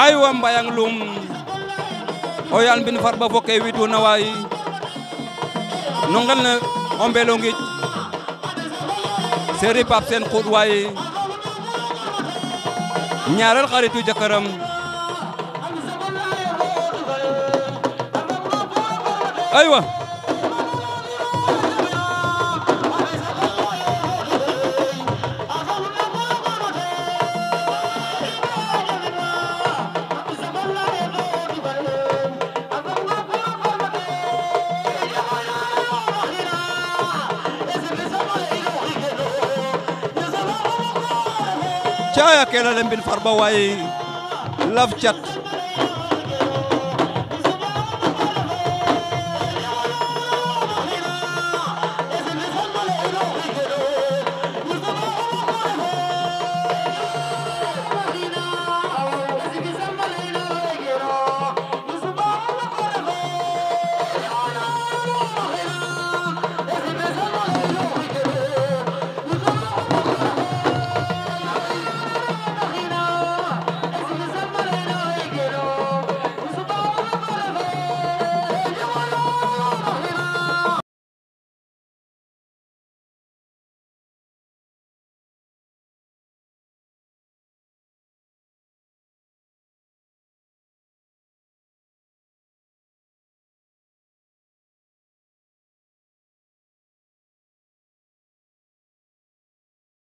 aywa mbayang lum o yaal mbin farba fo ke widuna waay no ngel ne o mbelo ngij seri pap sen xuɗ waay ñaareel xaritu jëkkëram aywa جايا كيلالين بالفربواي لفجت